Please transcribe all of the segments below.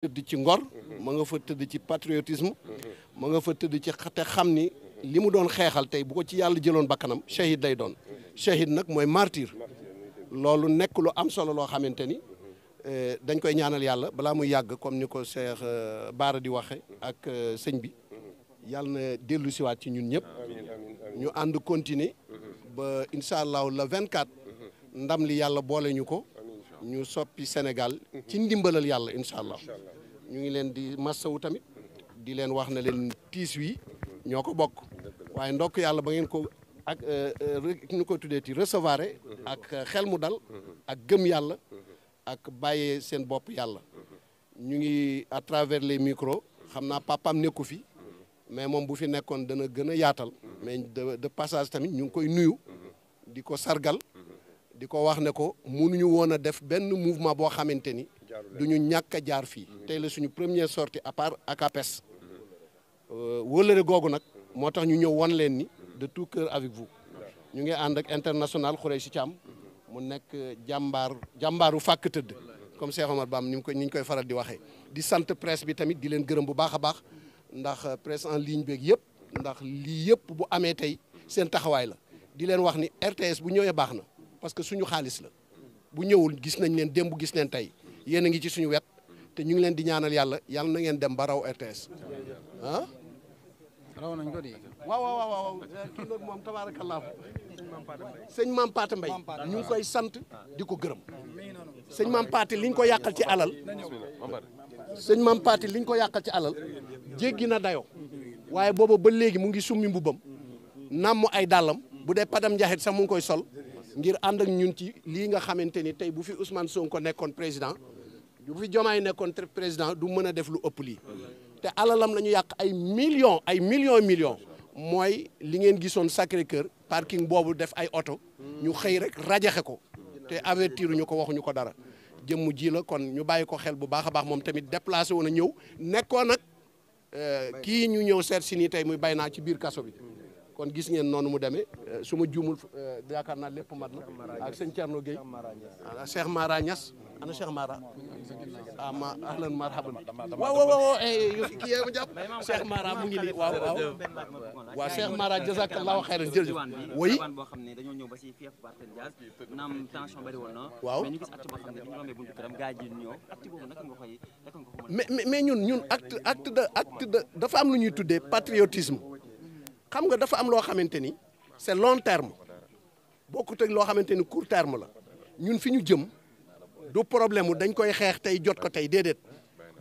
tëdd ci ngor ma nga fa tëdd ci patriotisme moo nga fa tëdd ci te xam ni li mu doon xeexal tey bu ko ci yàlla jëloon bakkanam shahid lay doon shahid nag mooy martyr loolu nekk lu am solo loo xamante ni eh, dañ koy ñaanal yàlla balaa muy yàgg comme ni ko Cheikh eh, Baara di waxe ak eh, sëñ bi yàlla na dellu siwaat ci ñun ñëpp ñu ànd continuer ba incha allahu la 24 ndam li yàlla boole ñu ko ñu soppi Sénégal ci ndimbalal yàlla incha allah ñu ngi leen di massawu tamit di leen wax na leen tiis wii ñoo ko bokk waaye ndokk yàlla ba ngeen ko ak ñu euh, euh, ko tuddee ci recevoir ak xel mu dal ak gëm yàlla ak bàyyee seen bopp yàlla ñu ngi à travers les micro xam naa papam nekku fi mais moom bu fi nekkoon dana gën a yaatal mais de passage tamit ñu ngi koy nuyu di ko sargal di ko wax ne ko mu mënuñu woon a def benn mouvement boo xamante ni du ñu ñàkk a jaar fii tey la suñu première sortie à part ak APES euh, wóolare googu nag moo tax ñu ñëw won leen ni de tout cœur avec vous ñu ngi ànd ak international Khoureychi Thiam mu nekk jàmbaar jàmbaaru fàkk tëdd comme Cheikh Omar Bam ni mu ko ni ñu koy faral di waxee di sant presse bi tamit di leen gërëm bu baax a baax ndax presse en ligne beeg yëpp ndax lii yëpp bu amee tey seen taxawaay la di leen wax ni RTS bu ñëwee baax na parce que suñu xaalis la bu ñëwul gis nañ leen démb gis leen tey yéen a ngi ci suñu wet te ñu ngi leen di ñaanal yàlla yàlla na ngeen dem ba raw RTS ah. raw nañ ko di waaw waaw waaw kii ñu koy sant di ko gërëm sëñ Maam Paate liñ ko yàqal ci alal sëñ Maam Paate liñ ko yàqal ci alal jéggi na dayo waaye booba ba léegi mu ngi summi mbubbam namm ay dàllam bu dee padam njaxit sax mu ngi koy sol ngir ànd ak ñun ci lii nga xamante ni tey bu fi son ko nekkoon président bu fi Diomaye nekkoon président du mën a def lu ëpp lii te alalam la ñu yàq ay millions ay millions millions mooy li ngeen gisoon Sacré-Cœur parking boobu def ay oto ñu xëy rek rajaxe ko te avertir ñu ko waxuñu ko dara jëmm ji la kon ñu bàyyi ko xel bu baax a baax moom tamit déplacé woon a ñëw nekkoon nag euh, kii ñu ñëw seet si nii tey muy bay naa ci biir kaso bi kon gis ngeen noonu mu demee euh, suma ma juumul euh, yaakaar naa lépp mat na ak sëñ Thierno Gueye ah Cheikh Mara Niass ana Cheikh Mara ah ma ahlan marhaban waaw waaw eh, eh, ma jàpp Cheikh Mara mu waaw waaw waaw Cheikh boo xam ne dañoo ñëw ba si fief Barthélémy Dias naam mais mais ñun ñun acte acte de acte dafa am lu ñuy tuddee patriotisme xam nga dafa am loo xamante ni c'est long terme ko teg loo xamante ni court terme la ñun fi ñu jëm du problème mu dañ koy xeex tey jot ko tey déedéet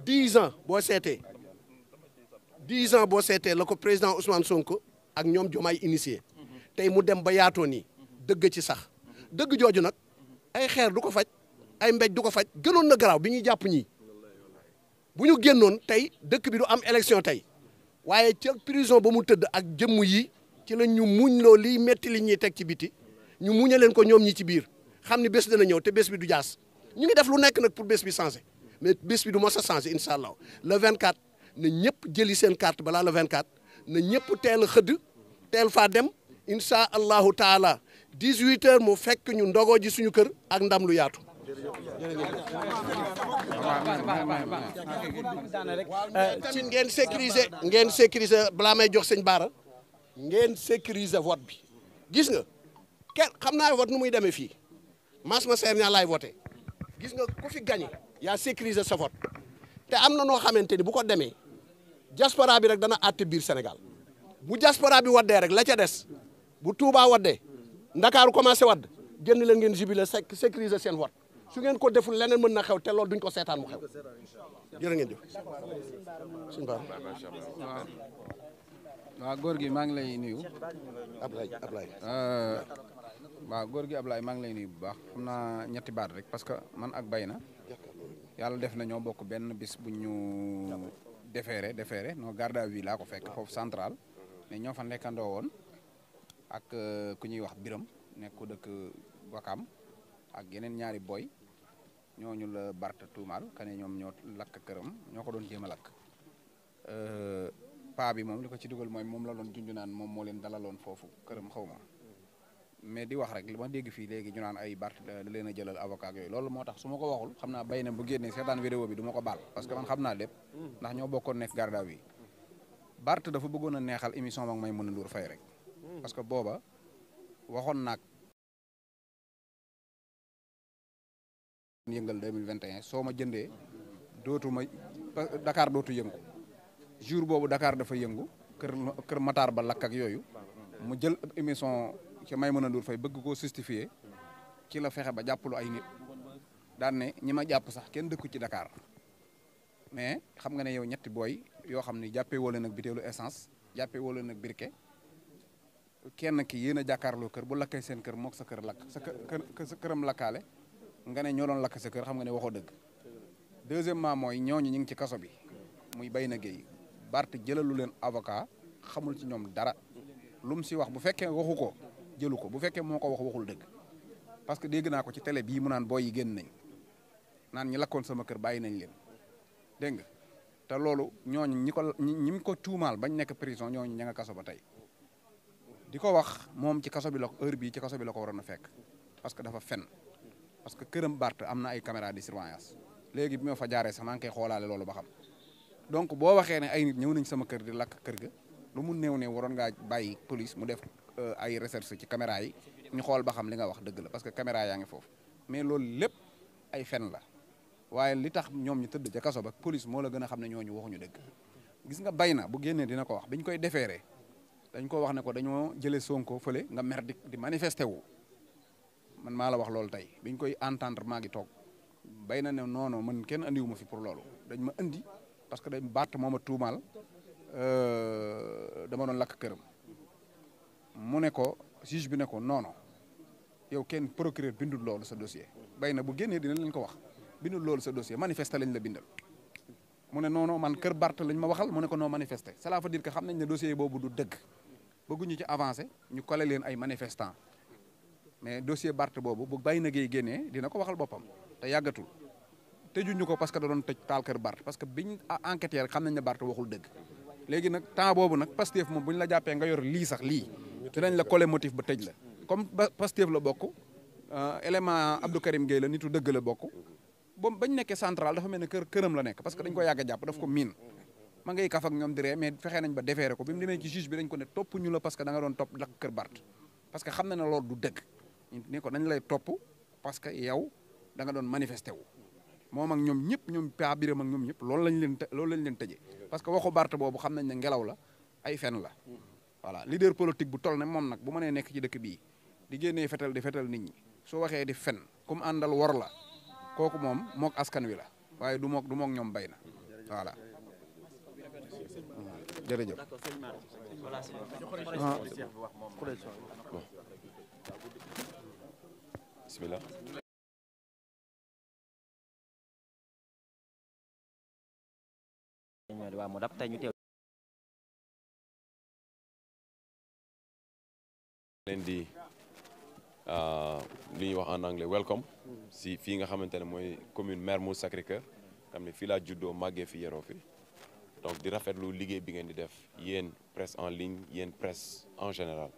dix ans boo seetee dix ans boo seetee la ko président Ousmane Sonko ak ñoom Diomaye initié tey mu dem ba yaatoo nii dëgg ci sax dëgg jooju nag ay xeer du ko faj ay mbéj du ko faj gënoon na garaaw bi ñuy jàpp ñii bu ñu génnoon tey dëkk bi du am élection tey waaye ca prison ba mu tëdd ak jëmm yi ci la ñu muñ loo liy metti li ñuy teg ci biti ñu muña leen ko ñoom ñi ci biir xam ni bés dana ñëw te bés bi du jaas ñu ngi def lu nekk nag pour bés bi changé mais bés bi du mos a changé incha allah le 24 na ñëpp jëli seen carte balaa vingt 24 na ñëpp teel a xëdd teel faa dem incha allahu taala 18h mu fekk ñu ndogoo ji suñu kër ak ndam lu yaatu. ci ngeen sécuriser ngeen sécuriser balaa may jox sëñ Baara ngeen sécuriser vote bi gis nga kenn xam naa vote nu muy demee fii mas ma seer ñaa lay voté gis nga ku fi gagné yaa sécuriser sa vote te am na noo xamante ni bu ko demee diaspora bi rek dana àtte biir Sénégal bu diaspora bi waddee rek la ca des bu Touba waddee Ndakaaru commencé wadd génn leen ngeen jubile sécuriser seen vote su ngeen ko deful leneen mën na xew te loolu duñ ko seetaan mu xew jërë ngeen jëf suñu waaw góor gi maa ngi lay nuyu Ablaye euh, waaw góor gi Ablaye maa ngi lay nuyu bu baax xam naa ñetti baat rek parce que man ak bay na yàlla def na ñoo bokk benn bis bu ñu defeere defeere non garde à vue laa ko fekk foofu central mais ñoo fa nekkandoo woon ak euh, ku ñuy wax biram nekk ku dëkk Wakam ak yeneen ñaari boy ñooñu la Barth tuumaal kane ñoom ñoo lakk këram ñoo ko doon jéem lakk euh, paa bi moom li ko ci dugal mooy moom la doon junj naan moom moo leen dalaloon foofu këram xaw ma mais di wax rek li ma dégg fii léegi ñu ay Barth da leen a jëlal avocat yooyu loolu moo tax su ma ko waxul xam na bay na bu génnee seetaan vidéo bi du ma ko baal parce que man xam naa lépp ndax ñoo bokkoon nekk garda bi Barth dafa bëggoon a neexal émission mag may mën a nduur fay rek parce que yëngal 2021 soo ma jëndee dootu ma Dakar dootu yëngu jur boobu dakaar dafa yëngu kër kër Matar ba lakk ak yooyu mu jël ab émission ci Maïmouna Ndour fay bëgg koo justifier ci la fexe ba jàppalu ay ni daan ne ñi ma jàpp sax kenn dëkku ci dakaar mais xam nga ne yow ñetti booy yoo xam ne jàppee woo leen ak bitéelu essence jàppee woo leen ak kenn ki yéen a jàkkaarloo kër bu lakkee seen kër mook sa kër lakk sa kë këram lakkaale. nga ne ñoo doon lakk sa kër xam nga ne waxoo dëgg deuxièmement mooy ñooñu ñu ngi ci kaso bi muy bay na géey Bart jëlalu leen avocat xamul ci ñoom dara lu mu si wax bu fekkee waxu ko jëlu ko bu fekkee moo ko wax waxul dëgg parce que dégg naa ko ci télé bii mu naan booy yi génn nañ naan ñi lakkoon sama kër bàyyi nañ leen dégg nga te loolu ñooñu ñi ko ñi mu ko tuumaal bañ nekk prison ñooñu ña nga kaso ba tey di ko wax moom ci kaso bi la heure bii ci kaso bi la ko waroon a fekk parce que këram Bart am na ay caméra de surveillance léegi bi ma fa jaaree sax maa ngi koy xoolaale loolu ba xam donc boo waxee ne ay nit ñëw nañ sama kër di lakk kër ga lu mu néew ne waroon ngaa bayi police mu def euh, ay recherche ci caméra yi ñu xool ba xam li nga wax dëgg la parce que caméra yaa ngi foofu mais loolu lépp ay fen la waaye li tax ñoom ñu tëdd jakaso ba police moo la gën a xam ne ñooñu waxuñu dëgg gis nga bay na bu génnee dina ko wax biñ koy defeeree dañ ko wax ne ko dañoo jëlee Sonko fële nga mer di di manifesté wu man maa la wax loolu tey biñ koy entendre maa ngi toog bay na ne non man kenn andiwu ma fi pour loolu dañ ma andi parce que dañ baat moo ma tuumaal euh, dama doon lakk këram mu ne ko juge bi ne ko non non yow kenn procureur bindul loolu sa dossier bay na bu génnee dina leen ko wax bindul loolu sa dossier manifeste lañ la bindal. mu ne non man kër Bart lañ ma waxal mu ne ko noo manifester cela veut dire que xam nañ ne dossier boobu du dëgg bëgguñu ci avancer ñu coller leen ay manifestants mais dossier Barth boobu bu bàyyi na géey génnee dina ko waxal boppam te yàggatul tëjuñu ko parce que da doon tëj taal kër Barth parce que biñ enquêté rek xam nañ ne Barth waxul dëgg léegi nag temps boobu nag Pastef bokk élément la bokk euh, ba bañ nekkee central a jàpp daf ko miin ma na ne loolu du dëgg ni ko dañ lay topp parce que yow da nga doon manifesté wu moom ak ñoom ñëpp ñoom Paa Biram ak ñoom ñëpp loolu lañ leen loolu lañ leen tëjee parce que waxu Barth boobu xam nañ ne ngelaw la ay fen la voilà leader politique bu toll ne moom nag bu mënee nekk ci dëkk bii di génnee fetal di fetal nit ñi soo waxee di fen comme àndal wor la kooku moom mook askan wi la waaye du mook du mook ñoom bay na voilà jërëjëf ah. ah. bismillah waa moo dab leen di ah, li ñuy wax en anglais welcome si fii nga xamante ne mooy commune Mermoz Sacré-Cœur xam ne fii laa juddoo màggee fi yeroo fi donc di rafetlu liggéey bi ngeen di def yéen presse en ligne yéen presse en général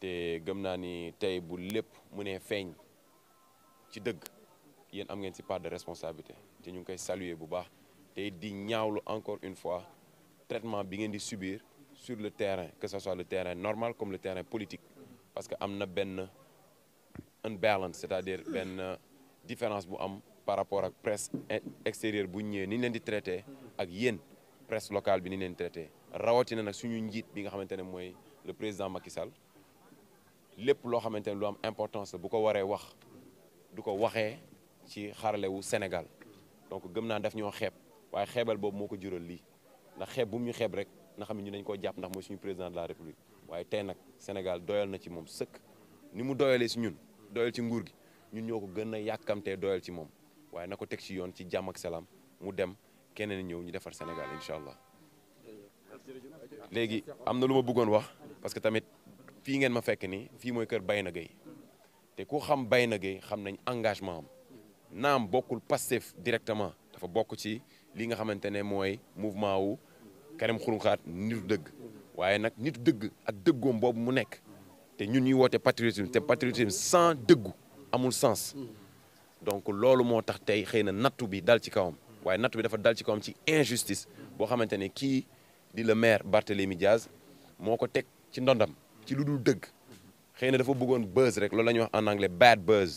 te gëm naa ni tey bu lépp mu ne feeñ ci dëgg yéen am ngeen si part de responsabilité te ñu ngi koy saluer bu baax te di ñaawlu encore une fois traitement bi ngeen di subir sur le terrain que ce soit le terrain normal comme le terrain politique parce que am na benn un balance c'est-à-dire benn différence bu am par rapport ak presse extérieure bu ñëwee ni leen di traité ak yéen presse locale bi ni leen di traité rawatina nag suñu njiit bi nga xamante ne mooy le président Macky Sall lépp loo xamante ne lu am importance la bu ko waree wax du ko waxee ci xarale wu Sénégal donc gëm naa def ñoo xeeb waaye xeebal boobu moo ko jural lii ndax xeeb bu mu ñu xeeb rek na xam ne ñu nañ koo jàpp ndax mooy suñu président de la république waaye tey nag Sénégal doyal na ci moom sëkk ni mu doyalee si ñun doyal ci nguur gi ñun ñoo ko gën a yàkkamtee doyal ci moom waaye na ko teg ci yoon ci jàmm ak salaam mu dem keneen ñëw ñu defar Sénégal incha allah léegi am na bëggoon wax fii ngeen ma fekk ni fii mooy kër na Gueye te ku xam Bayna Gueye xam nañ engagement am naam bokkul Pastef directement dafa bokk ci li nga xamante ne mooy mouvement wu kerem Xrum Xax dëgg waaye nag nit dëgg ak dëggoom boobu mu nekk te ñun ñuy woote patriotisme te patriotisme sans dëggu amul sens donc loolu moo tax tey xëy na nattu bi dal ci kawam waaye nattu bi dafa dal ci kawam ci injustice boo xamante ne kii di le maire Barthélémy Diaz moo ko teg ci ndondam ci lu dul dëgg xëy na dafa bëggoon buzz rek loolu la ñuy wax en anglais bad buzz.